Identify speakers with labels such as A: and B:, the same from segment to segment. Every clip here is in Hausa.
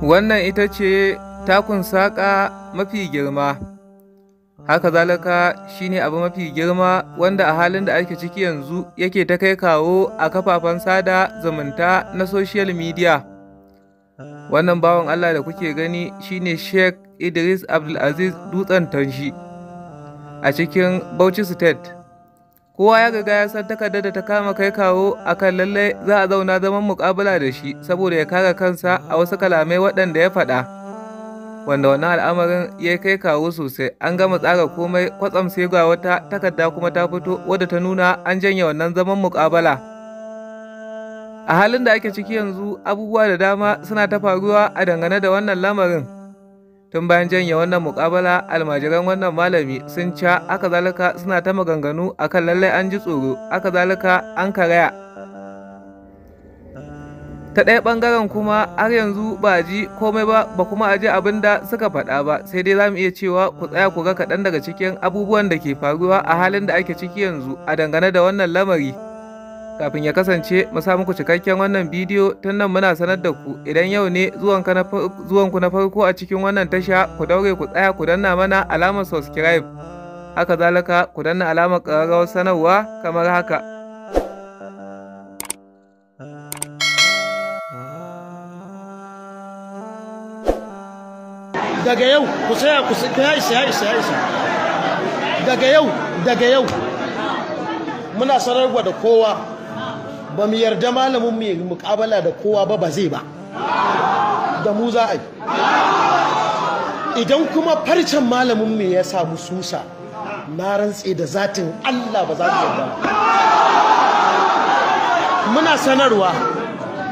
A: Wannan ita ce takun saƙa mafi girma, haka zalaka shine ne abu mafi girma wanda a halin da ake ciki yanzu yake ta kai kawo a kafafen sada zumunta na social media. Wannan bawan Allah da kuke gani shine ne Sheikh Idris Abdulaziz Dutsen Tanshi a cikin Bauchi State. kowa ya riga ya san takardar da ta kama kai kawo a kan lallai za a zauna zaman mukabala da shi saboda ya kare kansa a wasu kalamai waɗanda ya faɗa wanda wannan al'amarin ya kai kawo sosai an gama tsara komai kwatsam sai ga wata takarda kuma ta fito wadda ta nuna an janye wannan zaman mukabala a halin da ake ciki yanzu abubuwa da dama suna ta faruwa a dangane da wannan lamarin tun bayan janye wannan mukabala almajiran wannan malami sun ca aka zalika suna ta maganganu akan lallai an ji tsoro aka zalika an karaya ta ɗaya ɓangaren kuma har yanzu ba ji komai ba ba kuma a ji abin da suka faɗa ba sai dai za mu iya cewa ku tsaya ku ga kaɗan daga cikin abubuwan da ke faruwa a halin da ake ciki yanzu a dangane da wannan lamari. Kafin ya kasance mu sa muku cikakken wannan bidiyo tun nan muna sanar da ku idan yau ne zuwanku na farko a cikin wannan tasha ku daure ku tsaya ku danna mana alamar subscribe. Haka zalika ku danna alamar ƙararrawar sanarwa kamar haka.
B: Daga yau ku tsaya ku tsaya isa isa isa. Daga yau daga yau muna sanar da kowa ba mu yarda malamin mu yi mukabala da kowa ba ba zai ba da mu za a yi idan kuma farcen malamin mu ya samu susa na rantse da zatin Allah ba za mu yarda muna sanarwa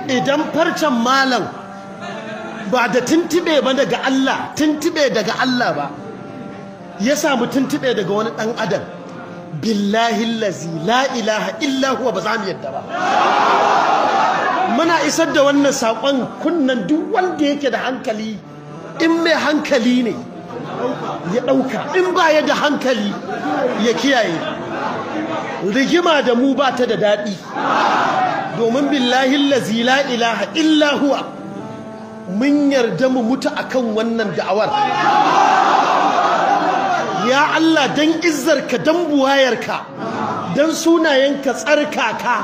B: idan farcen malam ba da tuntube ba daga Allah tuntube daga Allah ba ya samu tuntube daga wani dan adam billahi lazi la ilaha illa huwa ba za mu yadda ba muna isar da wannan saƙon kunnan duk wanda yake da hankali in mai hankali ne ya ɗauka in ba ya da hankali ya kiyaye rigima da mu ba ta da daɗi domin billahi lazi la ilaha illa huwa mun yarda mu mutu akan wannan da'awar ya Allah dan izzarka don buwayarka dan sunayenka tsarkaka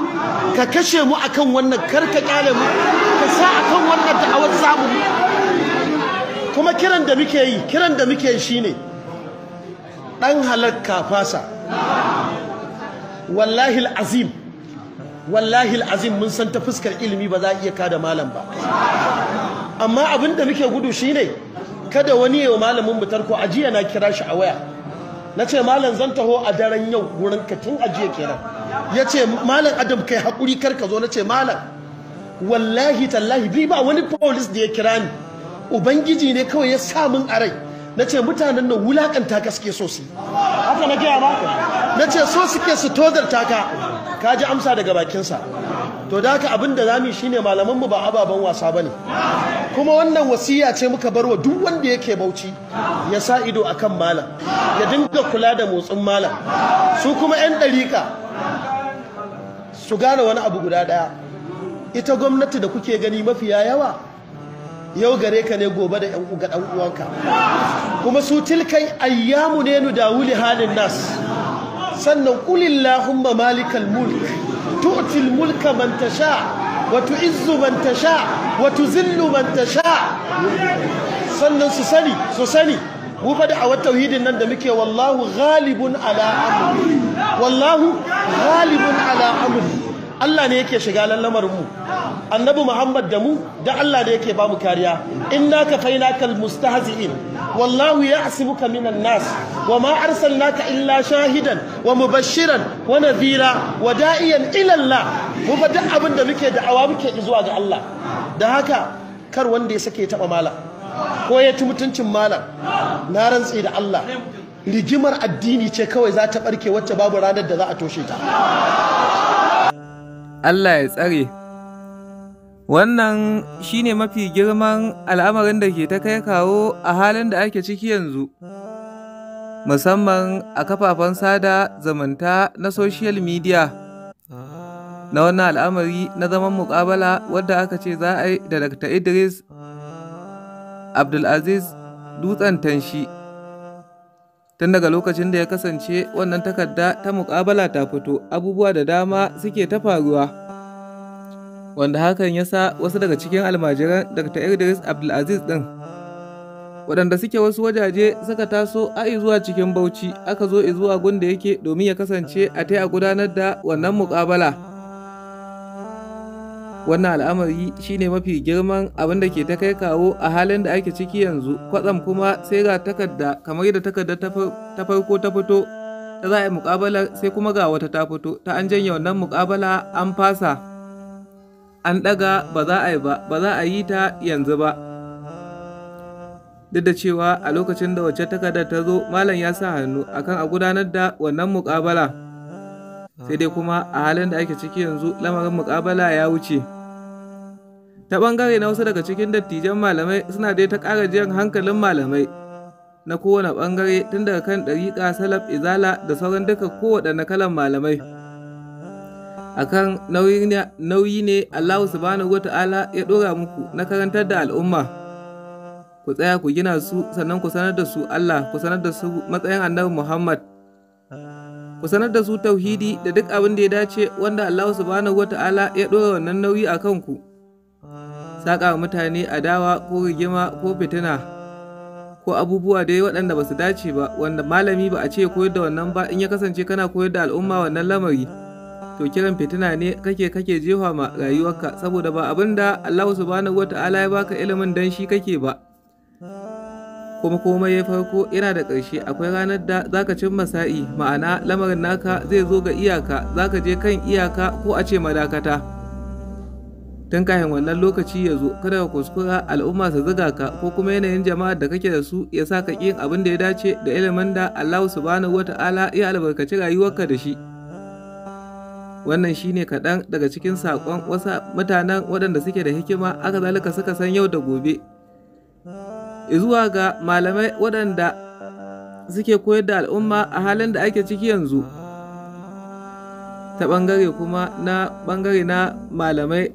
B: ka kashe mu akan wannan karka kyale mu ka sa akan wannan da'awar zamu kuma kiran da muke yi kiran da muke yi shine dan halakka fasa wallahi alazim wallahi alazim mun san ta fuskar ilimi ba za a iya kada malam ba amma abin da muke gudu shine kada wani yau malamin mu tarko ajiya na kira shi a waya nace malam zan taho a daren yau gurin ka tun ajiya kenan yace malam adam kai hakuri kar ka zo nace malam wallahi tallahi bi ba wani police da ya kira ni ubangiji ne kawai ya sa min a rai nace mutanen nan wulakanta ka so su haka na gaya maka nace so suke su tozarta ka ji amsa daga bakinsa to da haka abin da zamu shine malamanmu ba ababen wasa bane kuma wannan wasiya ce muka bar wa duk wanda yake bauchi ya sa ido akan malam ya dinga kula da motsin malam su kuma yan dariƙa su gane wani abu guda ɗaya. ita gwamnati da kuke gani mafiya yawa yau gare ka ne gobe da yan ga uwanka kuma su tilkai ayyamu ne nu dawuli halin nas sannan kulillahumma malikal mulk وتؤتي الملك من تشاء وتعز من تشاء وتذل من تشاء sannan su sani su sani mu fa da awar tauhidin nan da muke wallahu ghalibun ala amri wallahu ghalibun ala amri Allah ne yake shiga lallamar mu annabi Muhammad da mu da Allah ne yake ba mu kariya inna kafainakal mustahzi'in wallahu ya'sibuka minan nas wama arsalnaka illa shahidan wa mu bashiran wa nadhira wa da'iyan ilalla. Allah mu fa duk abin da muke da'awa muke zuwa ga Allah da haka kar wanda ya sake taba malam ko ya ci mutuncin malam na rantsi da Allah rigimar addini ce kawai za ta barke wacce babu ranar da za a toshe ta
A: Allah ya tsare Wannan shi ne mafi girman al'amarin da ke ta kai kawo a halin da ake ciki yanzu, musamman a kafafen sada zamanta na social media na wannan al'amari na zaman muƙabala wadda aka ce za a yi da Dr. Idris Abdulaziz Dutsen Tanshi. Tun daga lokacin da ya kasance wannan takarda ta muƙabala ta fito, abubuwa da dama suke ta faruwa. wanda hakan ya sa wasu daga cikin ah. almajiran Dr. Idris Abdulaziz din? waɗanda suke wasu wajaje suka taso ai zuwa cikin Bauchi aka zo zuwa gunda yake domin ya kasance a ta'i a gudanar da wannan muƙabala. Wannan al'amari shine mafi girman abin da ke ta kai kawo a halin da ake ciki yanzu kwatsam kuma sai ga takarda kamar da takarda ta farko ta fito ta za a yi muƙabalar sai kuma ga wata ta fito ta an janya wannan muƙabala an fasa. an ɗaga ba za a yi ba ba za a yi ta yanzu ba duk da cewa a lokacin da wacce takarda ta zo malam ya sa hannu akan a gudanar da wannan muƙabala sai dai kuma a halin da ake ciki yanzu lamarin muƙabala ya wuce ta ɓangare na wasu daga cikin dattijan malamai suna dai ta ƙara jiyan hankalin malamai na kowane ɓangare tun daga kan ɗariƙa salaf izala da sauran duka kowaɗanne kalan malamai akan nauyi ne Allah subhanahu wa ta'ala ya ɗora muku na karantar da al'umma ku tsaya ku gina su sannan ku sanar da su Allah ku sanar da su matsayin annabi Muhammad ku sanar da su tauhidi da duk abin da ya dace wanda Allah subhanahu wa ta'ala ya ɗora wannan nauyi a kanku saƙa mutane adawa ko rigima ko fitina ko abubuwa dai waɗanda ba su dace ba wanda malami ba a ce koyar da wannan ba in ya kasance kana koyar da al'umma wannan lamari to kiran fitina ne kake kake jefa ma rayuwarka saboda ba abin da Allah subhanahu wata'ala ya baka ilimin dan shi kake ba kuma komai ya farko yana da ƙarshe akwai ranar da zaka cin masa'i ma'ana lamarin naka zai zo ga iyaka zaka je kan iyaka ko a ce madakata tun kafin wannan lokaci ya zo kada ka kuskura al'umma su ziga ka ko kuma yanayin jama'ar da kake da su ya sa ka ƙin abin da ya dace da ilimin da Allah subhanahu wata'ala ya albarkaci rayuwarka da shi. wannan shine kaɗan daga cikin saƙon wasu mutanen waɗanda suke da hikima aka zalika suka san yau da gobe zuwa ga malamai waɗanda suke koyar da al'umma a halin da ake ciki yanzu ta ɓangare kuma na ɓangare na malamai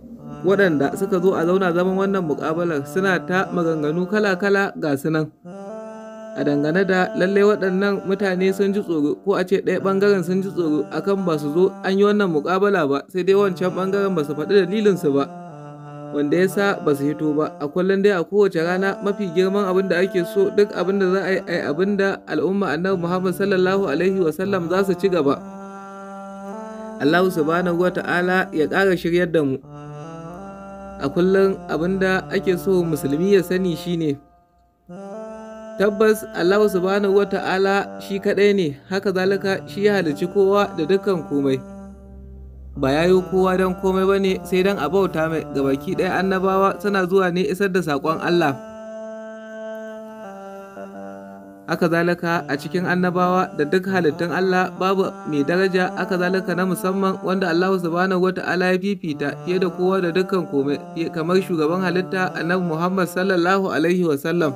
A: waɗanda suka zo a zauna zaman wannan muƙabalar suna ta maganganu kala-kala ga sunan. a dangane da lallai waɗannan mutane sun ji tsoro ko a ce ɗaya ɓangaren sun ji tsoro akan ba su zo an yi wannan muƙabala ba sai dai wancan ɓangaren ba su faɗi dalilinsu ba wanda ya sa ba su hito ba a kullum dai a kowace rana mafi girman abin da ake so duk abin da za a yi ai abin da al'umma annabi muhammad sallallahu alaihi wasallam za su ci gaba allah subhanahu wa ta'ala ya ƙara shiryar da mu a kullum abin da ake so musulmi ya sani shine ne tabbas Allah subhanahu wa ta'ala shi kaɗai ne haka zalika shi ya halicci kowa da dukkan komai ba ya yi kowa don komai ba ne sai don a bauta mai gabaki ɗaya annabawa suna zuwa ne isar da saƙon Allah haka zalika a cikin annabawa da duk halittun Allah babu mai daraja haka zalika na musamman wanda Allah subhanahu wa ta'ala ya fifita fiye da kowa da dukkan komai kamar shugaban halitta annabi Muhammad sallallahu alaihi wa sallam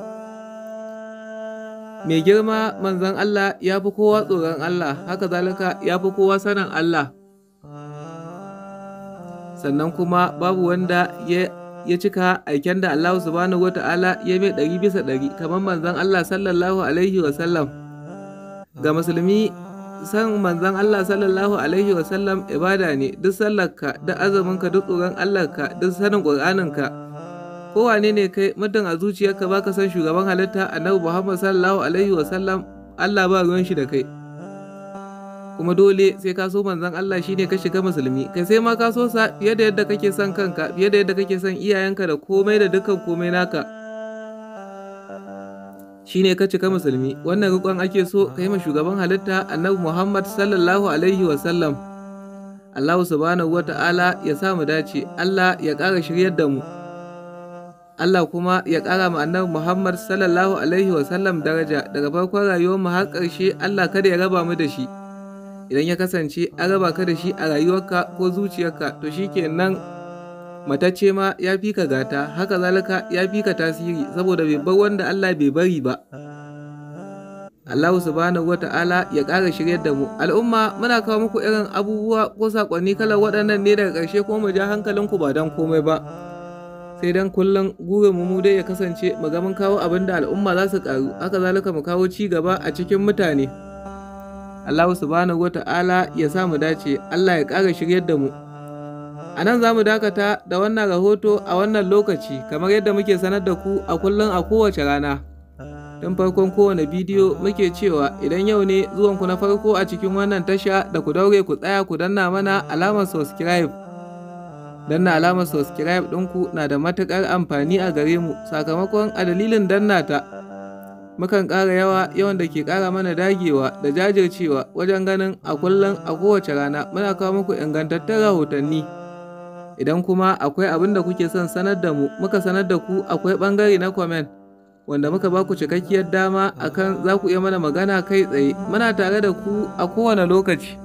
A: mai girma manzan Allah ya fi kowa tsoron Allah haka zalika ya fi kowa sanin Allah sannan kuma babu wanda ya cika aiken da Allah subhanahu wata'ala ya mai ɗari bisa ɗari kamar manzan Allah sallallahu alaihi wasallam ga musulmi san manzan Allah sallallahu alaihi wasallam ibada ne duk sallarka duk azuminka duk tsoron Allahnka duk sanin ƙur'aninka ko wane ne kai muddin a zuciyarka baka san shugaban halitta annabi Muhammad sallallahu alaihi wasallam Allah ba ruwan shi da kai kuma dole sai ka so manzon Allah shine ka shiga musulmi kai sai ma ka so sa fiye da yadda kake son kanka fiye da yadda kake son iyayenka da komai da dukkan komai naka shine ka cika musulmi wannan rikon ake so ka yi ma shugaban halitta annabi Muhammad sallallahu alaihi wasallam Allah subhanahu wa ta'ala ya sa mu dace Allah ya ƙara shiryar da mu Allah kuma ya ƙara ma annabi Muhammad sallallahu alaihi wa sallam daraja daga farkon rayuwar mu har ƙarshe Allah kada ya raba mu da shi idan ya kasance an raba ka da shi a rayuwarka ko zuciyarka to shikenan matacce ma ya fi ka gata haka zalika ya fi ka tasiri saboda bai bar wanda Allah bai bari ba Allah subhanahu wa ta'ala ya ƙara shiryar da mu al'umma muna kawo muku irin abubuwa ko saƙonni kalar waɗannan ne daga ƙarshe ko mu ja hankalinku ba don komai ba sai dan kullum gurin mu dai ya kasance mu ga mun kawo abin da al'umma za su karu haka zalika mu kawo ci gaba a cikin mutane Allah subhanahu wa ta'ala ya sa mu dace Allah ya ƙara shiryar da mu a nan za mu dakata da wannan rahoto a wannan lokaci kamar yadda muke sanar da ku a kullum a kowace rana tun farkon kowane bidiyo muke cewa idan yau ne zuwanku na farko a cikin wannan tasha da ku daure ku tsaya ku danna mana alamar subscribe danna alamar subscribe ɗinku na da matuƙar amfani a gare mu sakamakon a dalilin danna ta mukan ƙara yawa yawan da ke ƙara mana dagewa da jajircewa wajen ganin a kullum a kowace rana muna kawo muku ingantattun rahotanni idan kuma akwai abin da kuke son sanar da mu muka sanar da ku akwai ɓangare na comment wanda muka ba ku cikakkiyar dama akan za ku iya mana magana kai tsaye muna tare da ku a kowane lokaci